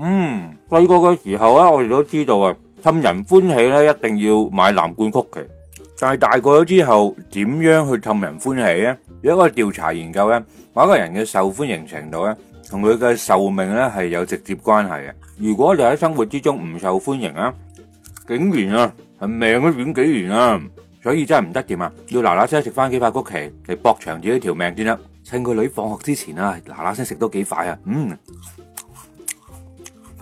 嗯，細個嘅時候咧，我哋都知道啊，氹人歡喜咧，一定要買藍罐曲奇。但係大個咗之後，點樣去氹人歡喜咧？有一個調查研究咧，話一個人嘅受歡迎程度咧，同佢嘅壽命咧係有直接關係嘅。如果你喺生活之中唔受歡迎啊，竟然啊係命都短幾年啊，所以真係唔得掂啊，要嗱嗱聲食翻幾塊曲奇嚟博長自己條命先啦。趁個女放學之前啊，嗱嗱聲食多幾塊啊，嗯。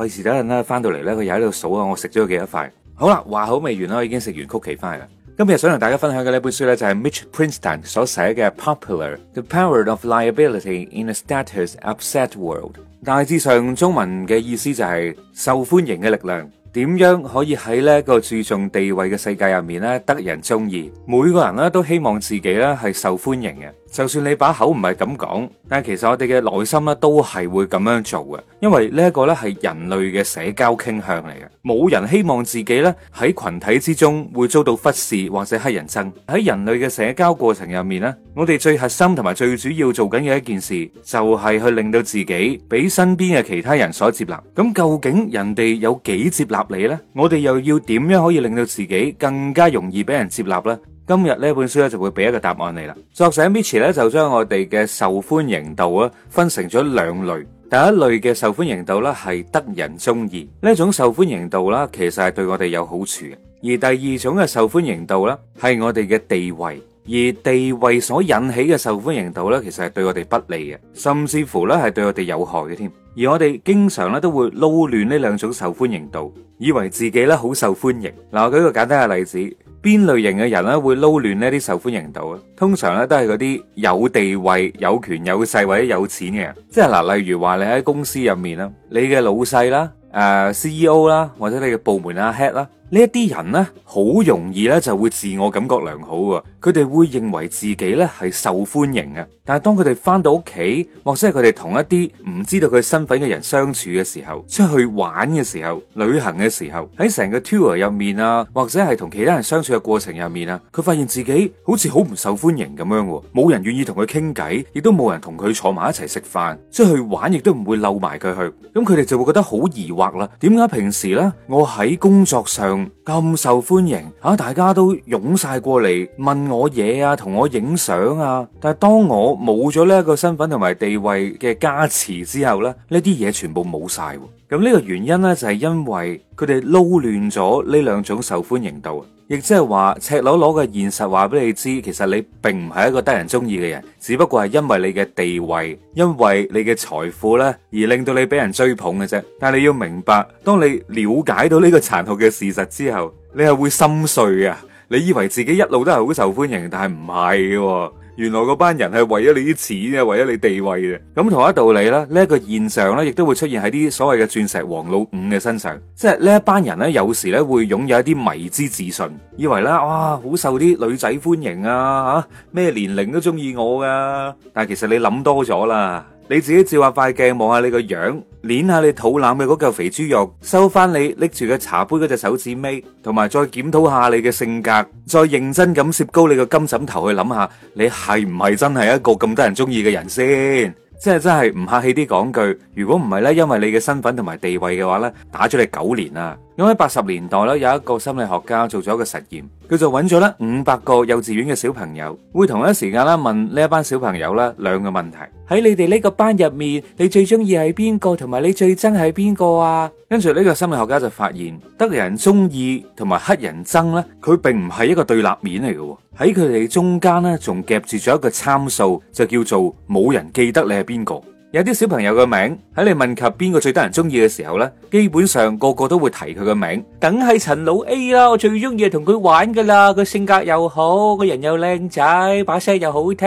費事等陣啦，翻到嚟，咧，佢又喺度數啊。我食咗幾多塊？好啦，話口未完啦，我已經食完曲奇翻嚟啦。今日想同大家分享嘅呢本書咧，就係 Mitch Prinstein 所寫嘅《Popular The Power of Liability in a Status Upset World》。大致上中文嘅意思就係受歡迎嘅力量，點樣可以喺呢個注重地位嘅世界入面咧得人中意？每個人咧都希望自己咧係受歡迎嘅。就算你把口唔係咁講，但係其實我哋嘅內心咧都係會咁樣做嘅，因為呢一個咧係人類嘅社交傾向嚟嘅。冇人希望自己咧喺群體之中會遭到忽視或者黑人憎。喺人類嘅社交過程入面咧，我哋最核心同埋最主要做緊嘅一件事，就係去令到自己俾身邊嘅其他人所接納。咁究竟人哋有幾接納你呢？我哋又要點樣可以令到自己更加容易俾人接納呢？今日呢本書咧就會俾一個答案你啦。作者 Mitch 咧就將我哋嘅受歡迎度咧分成咗兩類。第一類嘅受歡迎度啦係得人中意。呢種受歡迎度啦，其實係對我哋有好處嘅。而第二種嘅受歡迎度啦係我哋嘅地位，而地位所引起嘅受歡迎度咧，其實係對我哋不利嘅，甚至乎咧係對我哋有害嘅添。而我哋經常咧都會撈亂呢兩種受歡迎度，以為自己咧好受歡迎。嗱，我舉一個簡單嘅例子。邊類型嘅人咧會撈亂呢啲受歡迎度咧？通常咧都係嗰啲有地位、有權有勢或者有錢嘅人，即係嗱，例如話你喺公司入面啦，你嘅老細啦，誒，CEO 啦，或者你嘅部門啊 head 啦。呢一啲人呢，好容易呢就會自我感覺良好喎，佢哋會認為自己呢係受歡迎嘅。但係當佢哋返到屋企，或者係佢哋同一啲唔知道佢身份嘅人相處嘅時候，出去玩嘅時候、旅行嘅時候、喺成個 tour 入面啊，或者係同其他人相處嘅過程入面啊，佢發現自己好似好唔受歡迎咁樣，冇人願意同佢傾偈，亦都冇人同佢坐埋一齊食飯，出去玩亦都唔會遛埋佢去。咁佢哋就會覺得好疑惑啦。點解平時呢，我喺工作上咁受歡迎吓、啊，大家都湧晒過嚟問我嘢啊，同我影相啊。但係當我冇咗呢一個身份同埋地位嘅加持之後咧，呢啲嘢全部冇晒。咁呢個原因呢，就係、是、因為佢哋撈亂咗呢兩種受歡迎度。亦即係話，赤裸裸嘅現實話俾你知，其實你並唔係一個得人中意嘅人，只不過係因為你嘅地位、因為你嘅財富呢，而令到你俾人追捧嘅啫。但係你要明白，當你了解到呢個殘酷嘅事實之後，你係會心碎啊！你以為自己一路都係好受歡迎，但係唔係嘅。原來嗰班人係為咗你啲錢啊，為咗你地位嘅，咁同一道理啦。呢一個現象呢亦都會出現喺啲所謂嘅鑽石王老五嘅身上，即係呢一班人呢，有時呢會擁有一啲迷之自信，以為呢：啊「哇好受啲女仔歡迎啊吓，咩年齡都中意我噶。但係其實你諗多咗啦，你自己照下塊鏡看看，望下你個樣。捏下你肚腩嘅嗰嚿肥豬肉，收翻你拎住個茶杯嗰隻手指尾，同埋再檢討下你嘅性格，再認真咁攝高你個金枕頭去諗下，你係唔係真係一個咁得人中意嘅人先？即係真係唔客氣啲講句，如果唔係呢，因為你嘅身份同埋地位嘅話呢，打咗你九年啊！咁喺八十年代咧，有一個心理學家做咗一個實驗，佢就揾咗咧五百個幼稚園嘅小朋友，會同一時間啦問呢一班小朋友咧兩個問題：喺你哋呢個班入面，你最中意係邊個，同埋你最憎係邊個啊？跟住呢個心理學家就發現，得人中意同埋乞人憎咧，佢並唔係一個對立面嚟嘅，喺佢哋中間咧仲夾住咗一個參數，就叫做冇人記得你係邊個。有啲小朋友嘅名喺你問及邊個最得人中意嘅時候呢，基本上個個都會提佢個名，梗係陳老 A 啦，我最中意同佢玩噶啦，佢性格又好，個人又靚仔，把聲又好聽，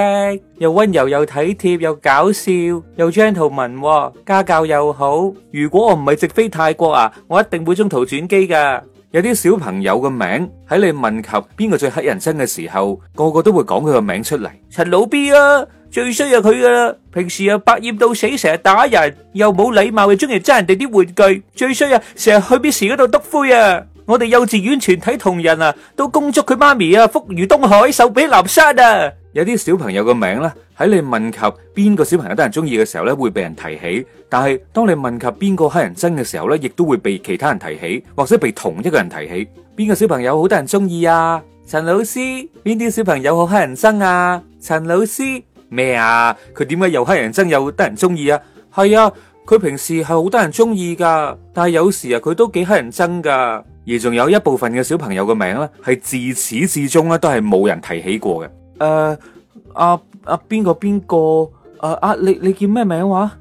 又溫柔又體貼，又搞笑，又 gentleman，家教又好。如果我唔係直飛泰國啊，我一定會中途轉機噶。有啲小朋友嘅名喺你問及邊個最乞人憎嘅時候，個個都會講佢個名出嚟，陳老 B 啊。最衰啊！佢噶啦，平時又百厭到死，成日打人又冇禮貌，又中意爭人哋啲玩具。最衰啊，成日去 B 士嗰度篤灰啊！我哋幼稚園全體同仁啊，都恭祝佢媽咪啊，福如東海，壽比南山啊！有啲小朋友個名呢，喺你問及邊個小朋友得人中意嘅時候呢，會被人提起；但係當你問及邊個乞人憎嘅時候呢，亦都會被其他人提起，或者被同一個人提起。邊個小朋友好得人中意啊？陳老師，邊啲小朋友好乞人憎啊？陳老師。咩啊？佢點解又乞人憎又得人中意啊？係啊，佢平時係好得人中意噶但係有時啊，佢都幾乞人憎噶。而仲有一部分嘅小朋友嘅名咧，係自始至終咧都係冇人提起過嘅。誒、呃，阿阿邊個邊個？誒，阿、啊啊、你你叫咩名話？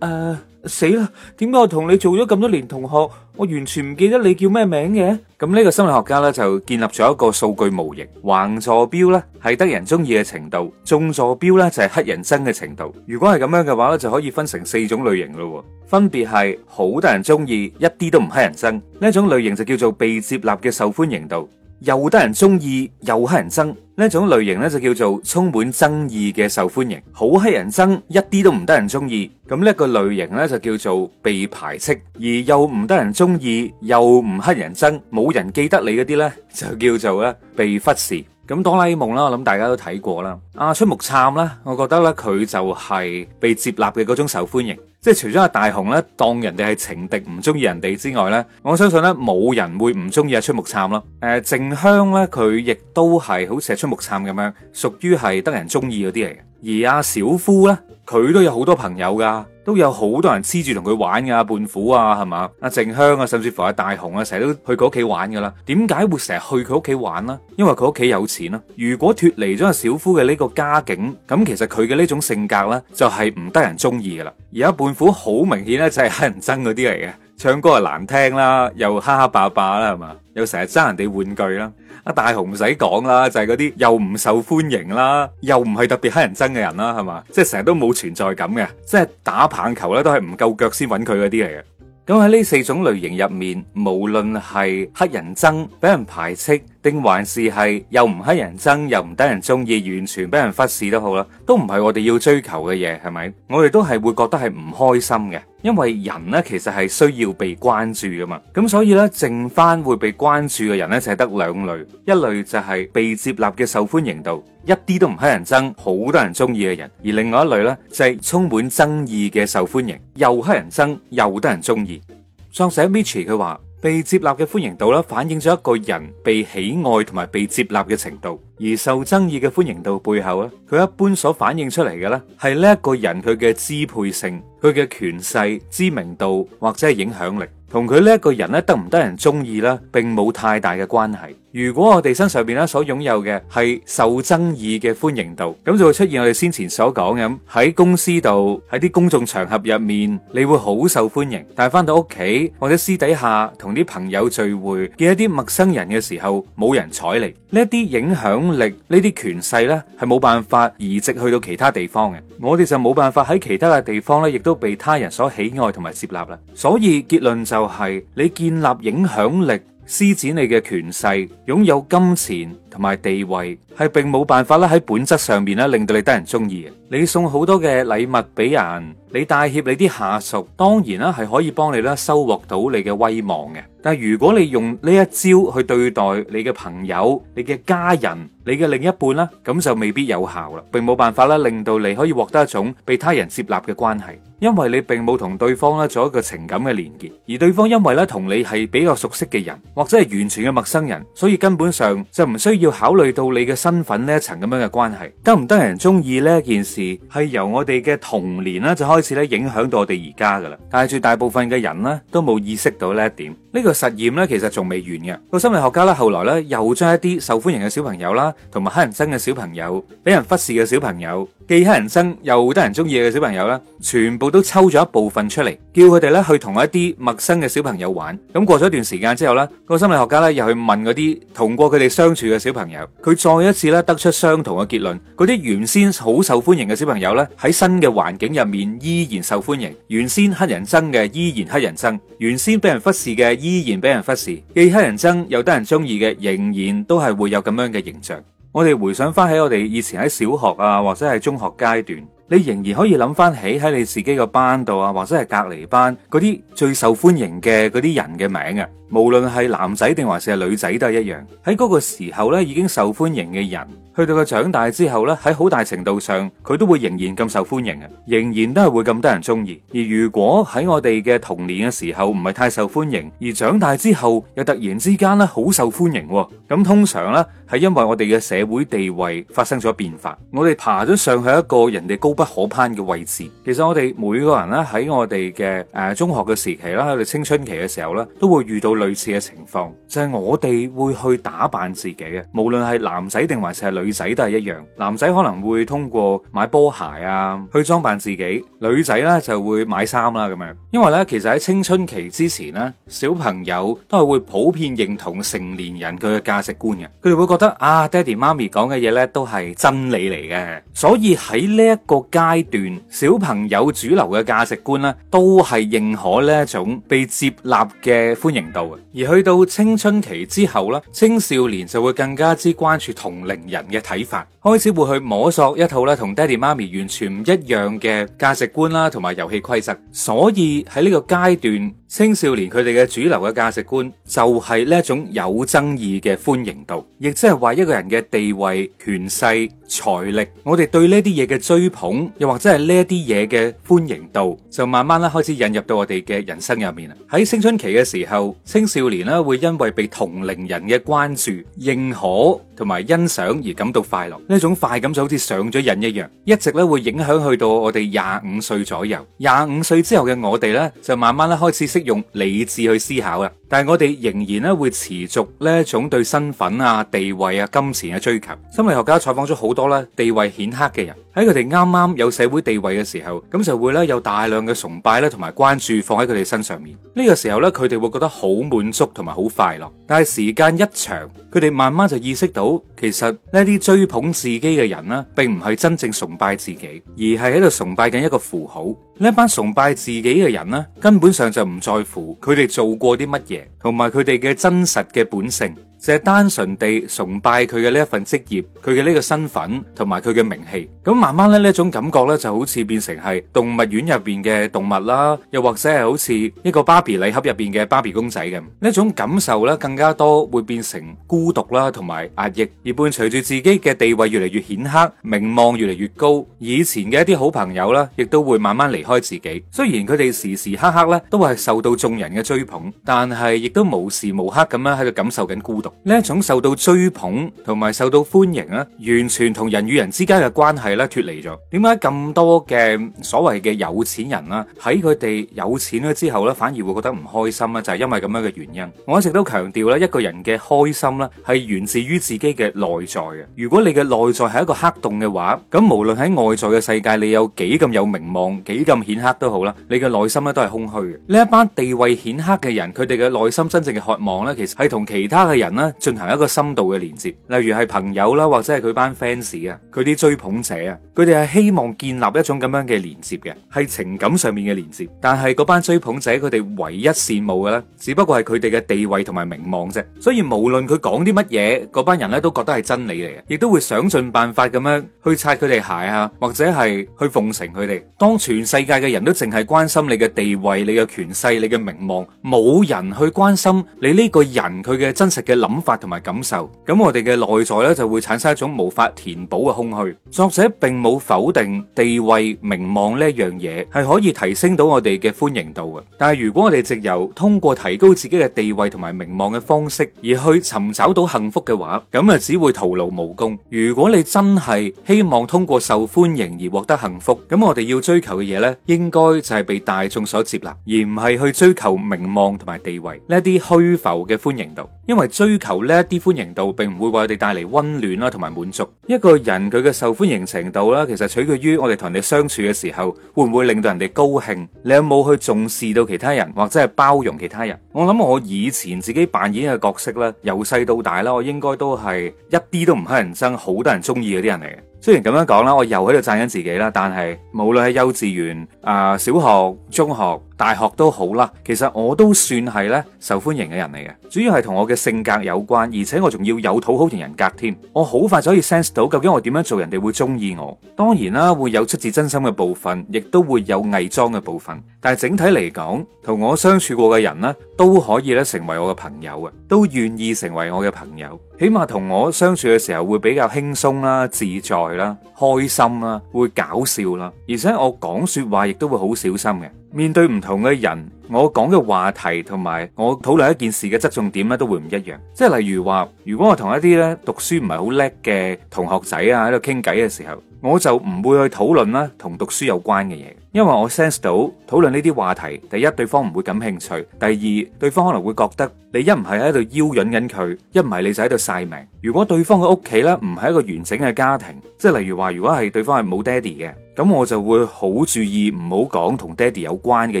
誒、啊，死啦！點解我同你做咗咁多年同學？我完全唔記得你叫咩名嘅，咁呢個心理學家呢，就建立咗一個數據模型，橫坐標呢，係得人中意嘅程度，縱坐標呢，就係、是、乞人憎嘅程度。如果係咁樣嘅話咧，就可以分成四種類型咯，分別係好得人中意，一啲都唔乞人憎，呢一種類型就叫做被接納嘅受歡迎度。又得人中意，又乞人憎。呢一種類型呢，就叫做充滿爭議嘅受歡迎；好乞人憎，一啲都唔得人中意。咁呢一個類型呢，就叫做被排斥；而又唔得人中意，又唔乞人憎，冇人記得你嗰啲呢，就叫做咧被忽視。咁哆啦 A 夢啦，我諗大家都睇過啦。阿出木杉咧，我覺得呢，佢就係被接納嘅嗰種受歡迎。即係除咗阿大雄咧，當人哋係情敵唔中意人哋之外咧，我相信咧冇人會唔中意阿出木杉囉。誒、呃，靜香咧佢亦都係好似阿出木杉咁樣，屬於係得人中意嗰啲嚟嘅。而阿小夫咧，佢都有好多朋友噶。都有好多人黐住同佢玩嘅，胖虎啊，係嘛，阿、啊、靜香啊，甚至乎阿、啊、大雄啊，成日都去佢屋企玩嘅啦。點解會成日去佢屋企玩呢？因為佢屋企有錢啦、啊。如果脫離咗阿小夫嘅呢個家境，咁其實佢嘅呢種性格呢，就係、是、唔得人鍾意嘅啦。而阿胖虎好明顯呢，就係、是、乞人憎嗰啲嚟嘅，唱歌又難聽啦，又蝦蝦霸霸啦，係嘛，又成日爭人哋玩具啦。啊大雄唔使講啦，就係嗰啲又唔受歡迎啦，又唔係特別乞人憎嘅人啦，係嘛？即係成日都冇存在感嘅，即係打棒球咧都係唔夠腳先揾佢嗰啲嚟嘅。咁喺呢四種類型入面，無論係乞人憎、俾人排斥，定還是係又唔乞人憎，又唔得人中意，完全俾人忽視都好啦，都唔係我哋要追求嘅嘢，係咪？我哋都係會覺得係唔開心嘅，因為人呢其實係需要被關注噶嘛。咁所以呢，剩翻會被關注嘅人呢就係得兩類，一類就係被接納嘅受歡迎度，一啲都唔乞人憎，好多人中意嘅人；而另外一類呢就係充滿爭議嘅受歡迎，又乞人憎又得人中意。作者 Mitchie 佢話，被接納嘅歡迎度咧，反映咗一個人被喜愛同埋被接納嘅程度；而受爭議嘅歡迎度背後咧，佢一般所反映出嚟嘅咧，係呢一個人佢嘅支配性、佢嘅權勢、知名度或者係影響力。同佢呢一個人咧，得唔得人中意呢，並冇太大嘅關係。如果我哋身上邊咧所擁有嘅係受爭議嘅歡迎度，咁就會出現我哋先前所講咁喺公司度、喺啲公眾場合入面，你會好受歡迎。但係返到屋企或者私底下同啲朋友聚會見一啲陌生人嘅時候，冇人睬你。呢一啲影響力、呢啲權勢呢，係冇辦法移植去到其他地方嘅。我哋就冇辦法喺其他嘅地方呢，亦都被他人所喜愛同埋接納啦。所以結論就。就係你建立影響力、施展你嘅權勢、擁有金錢同埋地位，係並冇辦法咧喺本質上面咧，令到你得人中意嘅。你送好多嘅禮物俾人，你帶挈你啲下屬，當然啦係可以幫你啦收穫到你嘅威望嘅。但係如果你用呢一招去對待你嘅朋友、你嘅家人、你嘅另一半啦，咁就未必有效啦，並冇辦法啦令到你可以獲得一種被他人接納嘅關係，因為你並冇同對方啦做一個情感嘅連結，而對方因為咧同你係比較熟悉嘅人，或者係完全嘅陌生人，所以根本上就唔需要考慮到你嘅身份呢一層咁樣嘅關係，得唔得人中意呢一件事？係由我哋嘅童年啦就開始咧影響到我哋而家噶啦，但係絕大部分嘅人呢，都冇意識到呢一點。呢個實驗呢，其實仲未完嘅，個心理學家咧後來呢，又將一啲受歡迎嘅小朋友啦，同埋乞人憎嘅小朋友，俾人忽視嘅小朋友。既乞人憎又得人中意嘅小朋友啦，全部都抽咗一部分出嚟，叫佢哋咧去同一啲陌生嘅小朋友玩。咁過咗一段時間之後呢個心理學家咧又去問嗰啲同過佢哋相處嘅小朋友，佢再一次咧得出相同嘅結論。嗰啲原先好受歡迎嘅小朋友咧喺新嘅環境入面依然受歡迎，原先乞人憎嘅依然乞人憎，原先俾人忽視嘅依然俾人忽視，既乞人憎又得人中意嘅仍然都係會有咁樣嘅形象。我哋回想翻起，我哋以前喺小學啊，或者係中學階段。你仍然可以諗翻起喺你自己個班度啊，或者係隔離班嗰啲最受歡迎嘅嗰啲人嘅名啊，無論係男仔定還是係女仔都係一樣。喺嗰個時候咧，已經受歡迎嘅人，去到佢長大之後咧，喺好大程度上，佢都會仍然咁受歡迎啊，仍然都係會咁得人中意。而如果喺我哋嘅童年嘅時候唔係太受歡迎，而長大之後又突然之間咧好受歡迎，咁通常咧係因為我哋嘅社會地位發生咗變化，我哋爬咗上去一個人哋高不？不可攀嘅位置。其實我哋每個人咧，喺我哋嘅誒中學嘅時期啦，我哋青春期嘅時候咧，都會遇到類似嘅情況，就係我哋會去打扮自己嘅，無論係男仔定還是係女仔都係一樣。男仔可能會通過買波鞋啊去裝扮自己，女仔咧就會買衫啦咁樣。因為咧，其實喺青春期之前咧，小朋友都係會普遍認同成年人佢嘅價值觀嘅，佢哋會覺得啊，爹哋媽咪講嘅嘢咧都係真理嚟嘅，所以喺呢一個。階段，小朋友主流嘅價值觀咧，都係認可呢一種被接納嘅歡迎度嘅。而去到青春期之後咧，青少年就會更加之關注同齡人嘅睇法，開始會去摸索一套咧同爹地媽咪完全唔一樣嘅價值觀啦，同埋遊戲規則。所以喺呢個階段。青少年佢哋嘅主流嘅價值觀就係呢一種有爭議嘅歡迎度，亦即係話一個人嘅地位、權勢、財力，我哋對呢啲嘢嘅追捧，又或者係呢一啲嘢嘅歡迎度，就慢慢咧開始引入到我哋嘅人生入面啊！喺青春期嘅時候，青少年咧會因為被同齡人嘅關注、認可。同埋欣賞而感到快樂呢種快感就好似上咗癮一樣，一直咧會影響去到我哋廿五歲左右。廿五歲之後嘅我哋呢，就慢慢咧開始識用理智去思考啦。但係我哋仍然咧會持續呢一種對身份啊、地位啊、金錢嘅追求。心理學家採訪咗好多咧地位顯赫嘅人，喺佢哋啱啱有社會地位嘅時候，咁就會咧有大量嘅崇拜咧同埋關注放喺佢哋身上面。呢個時候咧，佢哋會覺得好滿足同埋好快樂。但係時間一長，佢哋慢慢就意識到，其實呢啲追捧自己嘅人咧，並唔係真正崇拜自己，而係喺度崇拜緊一個符號。呢一班崇拜自己嘅人咧，根本上就唔在乎佢哋做過啲乜嘢。同埋佢哋嘅真實嘅本性。就係單純地崇拜佢嘅呢一份職業，佢嘅呢個身份同埋佢嘅名氣。咁慢慢咧，呢一種感覺咧，就好似變成係動物園入邊嘅動物啦，又或者係好似一個芭比禮盒入邊嘅芭比公仔咁。呢一種感受咧，更加多會變成孤獨啦，同埋壓抑。而伴隨住自己嘅地位越嚟越顯赫，名望越嚟越高，以前嘅一啲好朋友咧，亦都會慢慢離開自己。雖然佢哋時時刻刻咧都會係受到眾人嘅追捧，但係亦都無時無刻咁樣喺度感受緊孤獨。呢一種受到追捧同埋受到歡迎啊，完全同人與人之間嘅關係咧脫離咗。點解咁多嘅所謂嘅有錢人啦，喺佢哋有錢咗之後咧，反而會覺得唔開心咧？就係因為咁樣嘅原因。我一直都強調咧，一個人嘅開心咧，係源自於自己嘅內在嘅。如果你嘅內在係一個黑洞嘅話，咁無論喺外在嘅世界，你有幾咁有名望，幾咁顯赫都好啦，你嘅內心咧都係空虛嘅。呢一班地位顯赫嘅人，佢哋嘅內心真正嘅渴望咧，其實係同其他嘅人進行一個深度嘅連接，例如係朋友啦，或者係佢班 fans 啊，佢啲追捧者啊，佢哋係希望建立一種咁樣嘅連接嘅，係情感上面嘅連接。但係嗰班追捧者佢哋唯一羨慕嘅咧，只不過係佢哋嘅地位同埋名望啫。所以無論佢講啲乜嘢，嗰班人咧都覺得係真理嚟嘅，亦都會想盡辦法咁樣去擦佢哋鞋啊，或者係去奉承佢哋。當全世界嘅人都淨係關心你嘅地位、你嘅權勢、你嘅名望，冇人去關心你呢個人佢嘅真實嘅諗。諗法同埋感受，咁我哋嘅內在呢就會產生一種無法填補嘅空虛。作者並冇否定地位、名望呢一樣嘢係可以提升到我哋嘅歡迎度嘅，但係如果我哋藉由通過提高自己嘅地位同埋名望嘅方式而去尋找到幸福嘅話，咁啊只會徒勞無功。如果你真係希望通過受歡迎而獲得幸福，咁我哋要追求嘅嘢呢，應該就係被大眾所接納，而唔係去追求名望同埋地位呢啲虛浮嘅歡迎度，因為追。求呢一啲歡迎度，並唔會為我哋帶嚟溫暖啦，同埋滿足。一個人佢嘅受歡迎程度啦，其實取決於我哋同你哋相處嘅時候，會唔會令到人哋高興？你有冇去重視到其他人，或者係包容其他人？我諗我以前自己扮演嘅角色咧，由細到大啦，我應該都係一啲都唔乞人憎，好多人中意嗰啲人嚟嘅。雖然咁樣講啦，我又喺度讚緊自己啦，但係無論喺幼稚園、啊、呃、小學、中學、大學都好啦，其實我都算係咧受歡迎嘅人嚟嘅，主要係同我嘅性格有關，而且我仲要有討好型人格添。我好快就可以 sense 到究竟我點樣做人哋會中意我。當然啦，會有出自真心嘅部分，亦都會有偽裝嘅部分。但係整體嚟講，同我相處過嘅人咧都可以咧成為我嘅朋友嘅，都願意成為我嘅朋友。起碼同我相處嘅時候會比較輕鬆啦、自在啦、開心啦、會搞笑啦，而且我講說話亦都會好小心嘅。面對唔同嘅人，我講嘅話題同埋我討論一件事嘅側重點咧，都會唔一樣。即係例如話，如果我同一啲咧讀書唔係好叻嘅同學仔啊喺度傾偈嘅時候，我就唔會去討論啦同讀書有關嘅嘢，因為我 sense 到討論呢啲話題，第一對方唔會感興趣，第二對方可能會覺得你一唔係喺度邀引緊佢，一唔係你就喺度曬命。如果對方嘅屋企咧唔係一個完整嘅家庭，即係例如話，如果係對方係冇爹哋嘅。咁我就會好注意唔好講同爹哋有關嘅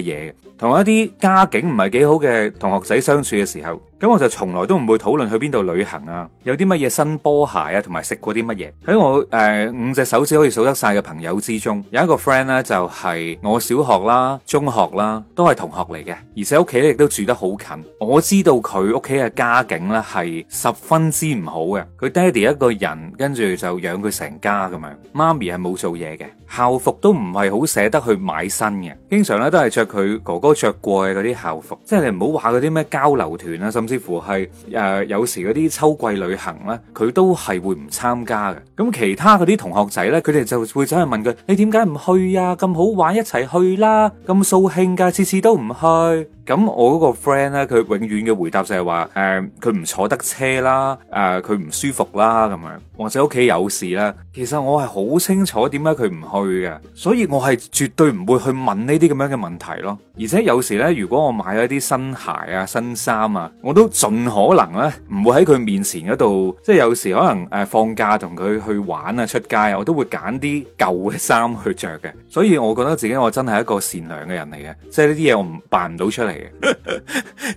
嘢。同一啲家境唔係幾好嘅同學仔相處嘅時候，咁我就從來都唔會討論去邊度旅行啊，有啲乜嘢新波鞋啊，同埋食過啲乜嘢。喺我誒、呃、五隻手指可以數得晒嘅朋友之中，有一個 friend 呢，就係、是、我小學啦、中學啦都係同學嚟嘅，而且屋企亦都住得好近。我知道佢屋企嘅家境咧係十分之唔好嘅，佢爹哋一個人跟住就養佢成家咁樣，媽咪係冇做嘢嘅，校服都唔係好捨得去買新嘅，經常咧都係着佢哥哥着過嘅嗰啲校服。即係你唔好話嗰啲咩交流團啊，甚至乎係誒、呃、有時嗰啲秋季旅行咧，佢都係會唔參加嘅。咁其他嗰啲同學仔咧，佢哋就會走去問佢：你點解唔去啊？咁好玩，一齊去啦！咁掃興噶，次次都唔去。咁我嗰個 friend 咧，佢永遠嘅回答就係話，誒、呃，佢唔坐得車啦，誒、呃，佢唔舒服啦，咁樣或者屋企有事啦。其實我係好清楚點解佢唔去嘅，所以我係絕對唔會去問呢啲咁樣嘅問題咯。而且有時咧，如果我買咗啲新鞋啊、新衫啊，我都盡可能咧唔會喺佢面前嗰度。即係有時可能誒、呃、放假同佢去玩啊、出街啊，我都會揀啲舊嘅衫去着嘅。所以我覺得自己我真係一個善良嘅人嚟嘅，即係呢啲嘢我唔扮唔到出嚟嘅，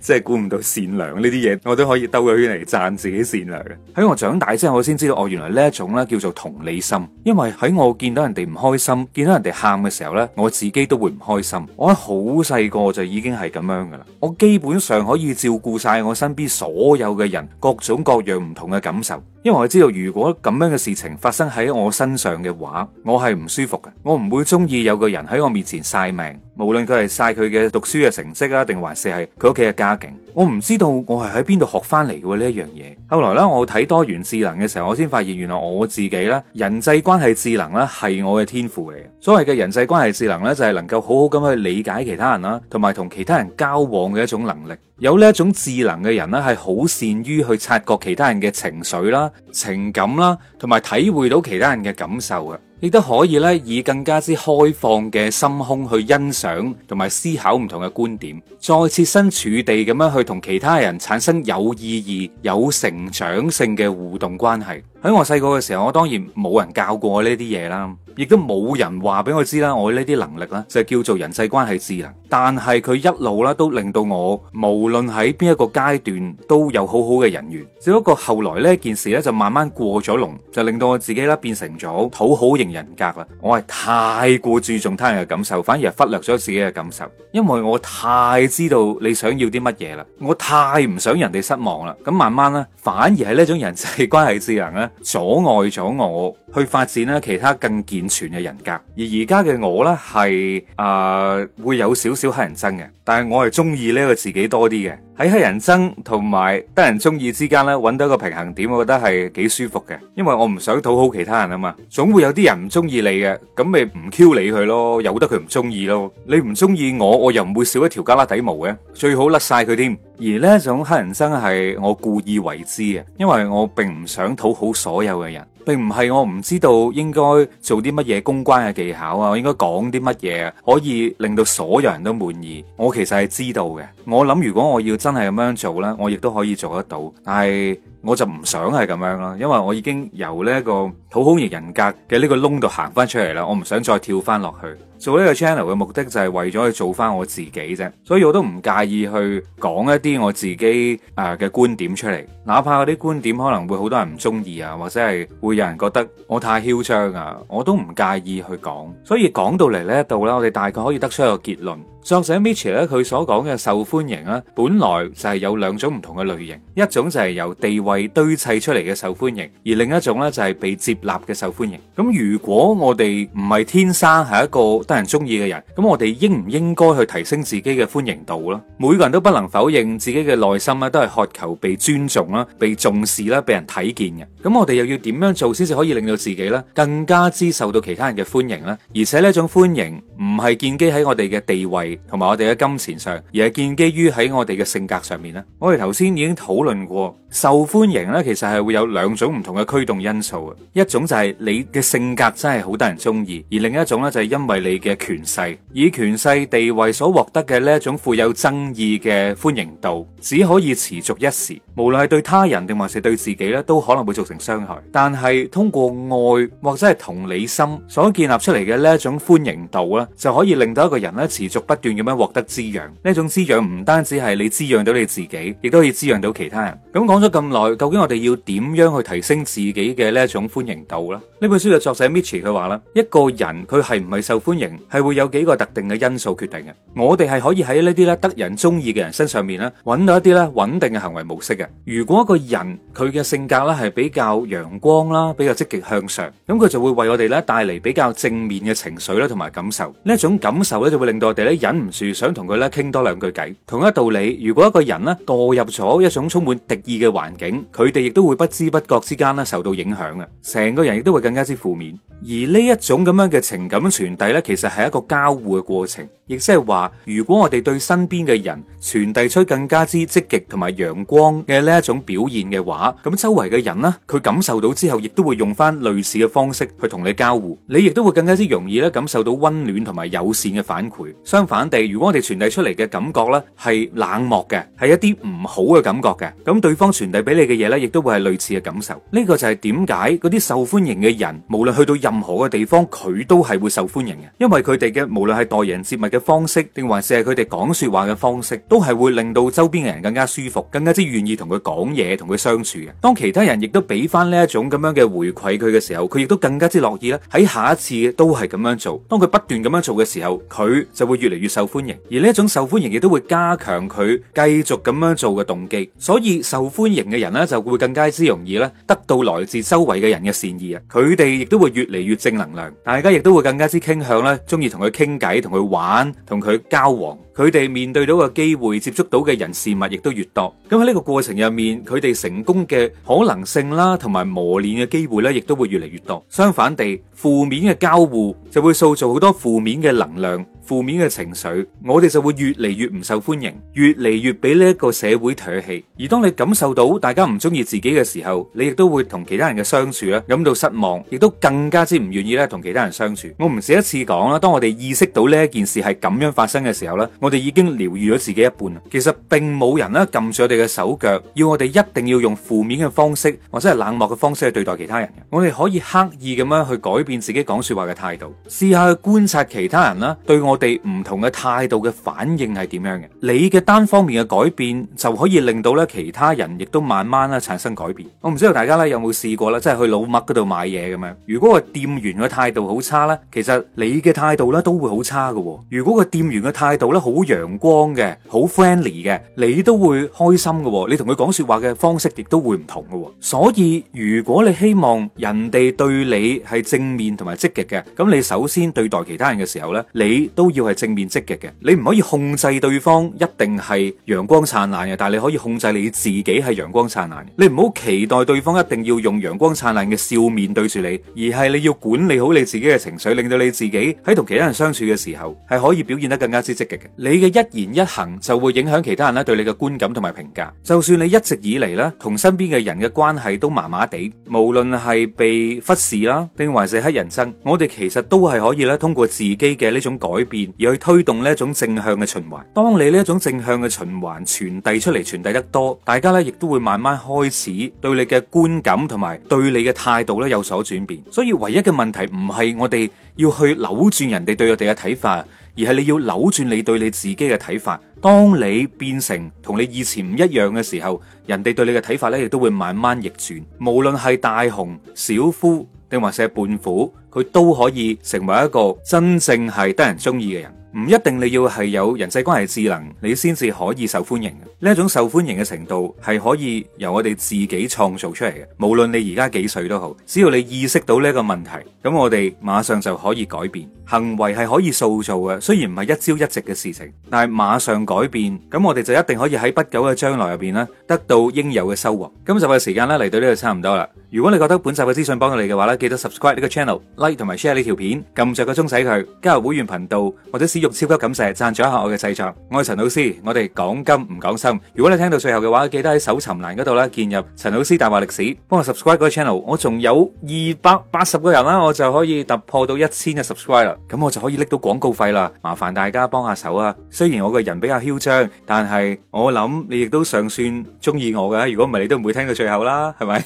即係估唔到善良呢啲嘢，我都可以兜個圈嚟讚自己善良嘅。喺我長大之後，我先知道我原來呢一種咧叫做同理心，因為喺我見到人哋唔開心、見到人哋喊嘅時候咧，我自己都會唔開心。我好～細個就已經係咁樣噶啦，我基本上可以照顧晒我身邊所有嘅人，各種各樣唔同嘅感受。因為我知道，如果咁樣嘅事情發生喺我身上嘅話，我係唔舒服嘅。我唔會中意有個人喺我面前曬命，無論佢係曬佢嘅讀書嘅成績啊，定還是係佢屋企嘅家境。我唔知道我係喺邊度學翻嚟嘅呢一樣嘢。後來咧，我睇多元智能嘅時候，我先發現原來我自己咧人際關係智能咧係我嘅天賦嚟嘅。所謂嘅人際關係智能咧，就係能夠好好咁去理解其他人啦，同埋同其他人交往嘅一種能力。有呢一種智能嘅人咧，係好善於去察覺其他人嘅情緒啦。情感啦，同埋體會到其他人嘅感受啊。亦都可以咧，以更加之開放嘅心胸去欣賞同埋思考唔同嘅觀點，再設身處地咁樣去同其他人產生有意義、有成長性嘅互動關係。喺我細個嘅時候，我當然冇人教過我呢啲嘢啦，亦都冇人話俾我知啦。我呢啲能力咧，就叫做人際關係智能。但係佢一路咧都令到我，無論喺邊一個階段都有好好嘅人緣。只不過後來呢件事咧就慢慢過咗龍，就令到我自己咧變成咗討好型人格啦，我係太過注重他人嘅感受，反而係忽略咗自己嘅感受，因為我太知道你想要啲乜嘢啦，我太唔想人哋失望啦，咁慢慢咧，反而係呢種人際關係智能咧，阻礙咗我去發展啦其他更健全嘅人格，而而家嘅我咧係誒會有少少黑人憎嘅，但係我係中意呢個自己多啲嘅。喺黑人憎同埋得人中意之間揾到一個平衡點，我覺得係幾舒服嘅。因為我唔想討好其他人啊嘛，總會有啲人唔中意你嘅，咁咪唔 Q 理佢咯，由得佢唔中意咯。你唔中意我，我又唔會少一條加拉底毛嘅，最好甩晒佢添。而呢一種黑人憎係我故意為之嘅，因為我並唔想討好所有嘅人。並唔係我唔知道應該做啲乜嘢公關嘅技巧啊，我應該講啲乜嘢可以令到所有人都滿意。我其實係知道嘅。我諗如果我要真係咁樣做呢，我亦都可以做得到。但係我就唔想係咁樣咯，因為我已經由呢一個討好型人格嘅呢個窿度行翻出嚟啦，我唔想再跳翻落去。做呢個 channel 嘅目的就係為咗去做翻我自己啫，所以我都唔介意去講一啲我自己誒嘅觀點出嚟，哪怕嗰啲觀點可能會好多人唔中意啊，或者係會有人覺得我太囂張啊，我都唔介意去講。所以講到嚟呢一度啦，我哋大概可以得出一個結論：作者 Mitch 咧佢所講嘅受歡迎咧，本來就係有兩種唔同嘅類型，一種就係由地位堆砌出嚟嘅受歡迎，而另一種咧就係被接納嘅受歡迎。咁如果我哋唔係天生係一個。得人中意嘅人，咁我哋應唔應該去提升自己嘅歡迎度呢？每個人都不能否認自己嘅內心咧，都係渴求被尊重啦、被重視啦、被人睇見嘅。咁我哋又要點樣做先至可以令到自己咧更加之受到其他人嘅歡迎呢？而且呢一種歡迎唔係建基喺我哋嘅地位同埋我哋嘅金錢上，而係建基於喺我哋嘅性格上面呢。我哋頭先已經討論過。受歡迎咧，其實係會有兩種唔同嘅驅動因素。一種就係你嘅性格真係好得人中意，而另一種咧就係因為你嘅權勢，以權勢地位所獲得嘅呢一種富有爭議嘅歡迎度，只可以持續一時。無論係對他人定還是對自己咧，都可能會造成傷害。但係通過愛或者係同理心所建立出嚟嘅呢一種歡迎度咧，就可以令到一個人咧持續不斷咁樣獲得滋養。呢一種滋養唔單止係你滋養到你自己，亦都可以滋養到其他人。咁講咗咁耐，究竟我哋要點樣去提升自己嘅呢一種歡迎度咧？呢本書嘅作者 Mitchie 佢話啦，一個人佢係唔係受歡迎，係會有幾個特定嘅因素決定嘅。我哋係可以喺呢啲咧得人中意嘅人身上面咧，揾到一啲咧穩定嘅行為模式嘅。如果一個人佢嘅性格咧係比較陽光啦，比較積極向上，咁佢就會為我哋咧帶嚟比較正面嘅情緒啦，同埋感受。呢一種感受咧就會令到我哋咧忍唔住想同佢咧傾多兩句偈。同一道理，如果一個人咧墮入咗一種充滿敵意嘅環境，佢哋亦都會不知不覺之間咧受到影響啊，成個人亦都會更加之負面。而呢一種咁樣嘅情感傳遞咧，其實係一個交互嘅過程，亦即係話，如果我哋對身邊嘅人傳遞出更加之積極同埋陽光嘅。嘅呢一種表現嘅話，咁周圍嘅人咧，佢感受到之後亦都會用翻類似嘅方式去同你交互。你亦都會更加之容易咧感受到溫暖同埋友善嘅反饋，相反地，如果我哋傳遞出嚟嘅感覺咧係冷漠嘅，係一啲唔好嘅感覺嘅，咁對方傳遞俾你嘅嘢咧，亦都會係類似嘅感受。呢個就係點解嗰啲受歡迎嘅人，無論去到任何嘅地方，佢都係會受歡迎嘅，因為佢哋嘅無論係待人接物嘅方式，定還是係佢哋講說話嘅方式，都係會令到周邊嘅人更加舒服，更加之願意同。同佢講嘢，同佢相處嘅。當其他人亦都俾翻呢一種咁樣嘅回饋佢嘅時候，佢亦都更加之樂意咧，喺下一次都係咁樣做。當佢不斷咁樣做嘅時候，佢就會越嚟越受歡迎。而呢種受歡迎亦都會加強佢繼續咁樣做嘅動機。所以受歡迎嘅人呢，就會更加之容易咧得到來自周圍嘅人嘅善意啊！佢哋亦都會越嚟越正能量，大家亦都會更加之傾向咧，中意同佢傾偈、同佢玩、同佢交往。佢哋面對到嘅機會，接觸到嘅人事物亦都越多，咁喺呢個過程入面，佢哋成功嘅可能性啦，同埋磨練嘅機會咧，亦都會越嚟越多。相反地，負面嘅交互就會塑造好多負面嘅能量。負面嘅情緒，我哋就會越嚟越唔受歡迎，越嚟越俾呢一個社會唾棄。而當你感受到大家唔中意自己嘅時候，你亦都會同其他人嘅相處咧感到失望，亦都更加之唔願意咧同其他人相處。我唔止一次講啦，當我哋意識到呢一件事係咁樣發生嘅時候咧，我哋已經療愈咗自己一半。其實並冇人咧撳住我哋嘅手腳，要我哋一定要用負面嘅方式或者係冷漠嘅方式去對待其他人嘅。我哋可以刻意咁樣去改變自己講說話嘅態度，試下去觀察其他人啦，對我。我哋唔同嘅態度嘅反應係點樣嘅？你嘅單方面嘅改變就可以令到咧其他人亦都慢慢咧產生改變。我唔知道大家咧有冇試過啦，即係去老麥嗰度買嘢咁樣。如果個店員嘅態度好差咧，其實你嘅態度咧都會好差嘅。如果個店員嘅態度咧好陽光嘅、好 friendly 嘅，你都會開心嘅。你同佢講說話嘅方式亦都會唔同嘅。所以如果你希望人哋對你係正面同埋積極嘅，咁你首先對待其他人嘅時候呢。你都。都要係正面積極嘅，你唔可以控制對方一定係陽光燦爛嘅，但係你可以控制你自己係陽光燦爛。你唔好期待對方一定要用陽光燦爛嘅笑面對住你，而係你要管理好你自己嘅情緒，令到你自己喺同其他人相處嘅時候係可以表現得更加之積極嘅。你嘅一言一行就會影響其他人咧對你嘅觀感同埋評價。就算你一直以嚟咧同身邊嘅人嘅關係都麻麻地，無論係被忽視啦，定還是乞人憎，我哋其實都係可以咧通過自己嘅呢種改變。而去推動呢一種正向嘅循環。當你呢一種正向嘅循環傳遞出嚟，傳遞得多，大家咧亦都會慢慢開始對你嘅觀感同埋對你嘅態度咧有所轉變。所以唯一嘅問題唔係我哋要去扭轉人哋對我哋嘅睇法，而係你要扭轉你對你自己嘅睇法。當你變成同你以前唔一樣嘅時候，人哋對你嘅睇法咧亦都會慢慢逆轉。無論係大雄、小夫定還是係胖虎。佢都可以成為一個真正係得人中意嘅人，唔一定你要係有人際關係智能，你先至可以受歡迎嘅。呢一種受歡迎嘅程度係可以由我哋自己創造出嚟嘅。無論你而家幾歲都好，只要你意識到呢個問題，咁我哋馬上就可以改變。行為係可以塑造嘅，雖然唔係一朝一夕嘅事情，但係馬上改變，咁我哋就一定可以喺不久嘅將來入邊咧得到應有嘅收穫。今集嘅時間咧嚟到呢度差唔多啦。如果你覺得本集嘅資訊幫到你嘅話咧，記得 subscribe 呢個 channel。同埋 share 呢條片，撳著個鐘使佢加入會員頻道或者使用超級感謝，讚咗一下我嘅製作。我係陳老師，我哋講金唔講心。如果你聽到最後嘅話，記得喺搜尋欄嗰度咧建入陳老師大話歷史，幫我 subscribe 個 channel。我仲有二百八十個人啦，我就可以突破到一千個 subscribe 啦。咁我就可以拎到廣告費啦。麻煩大家幫下手啊！雖然我個人比較囂張，但係我諗你亦都尚算中意我㗎。如果唔係，你都唔會聽到最後啦，係咪？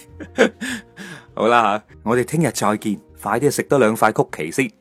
好啦吓，我哋聽日再見。快啲食多兩塊曲奇先。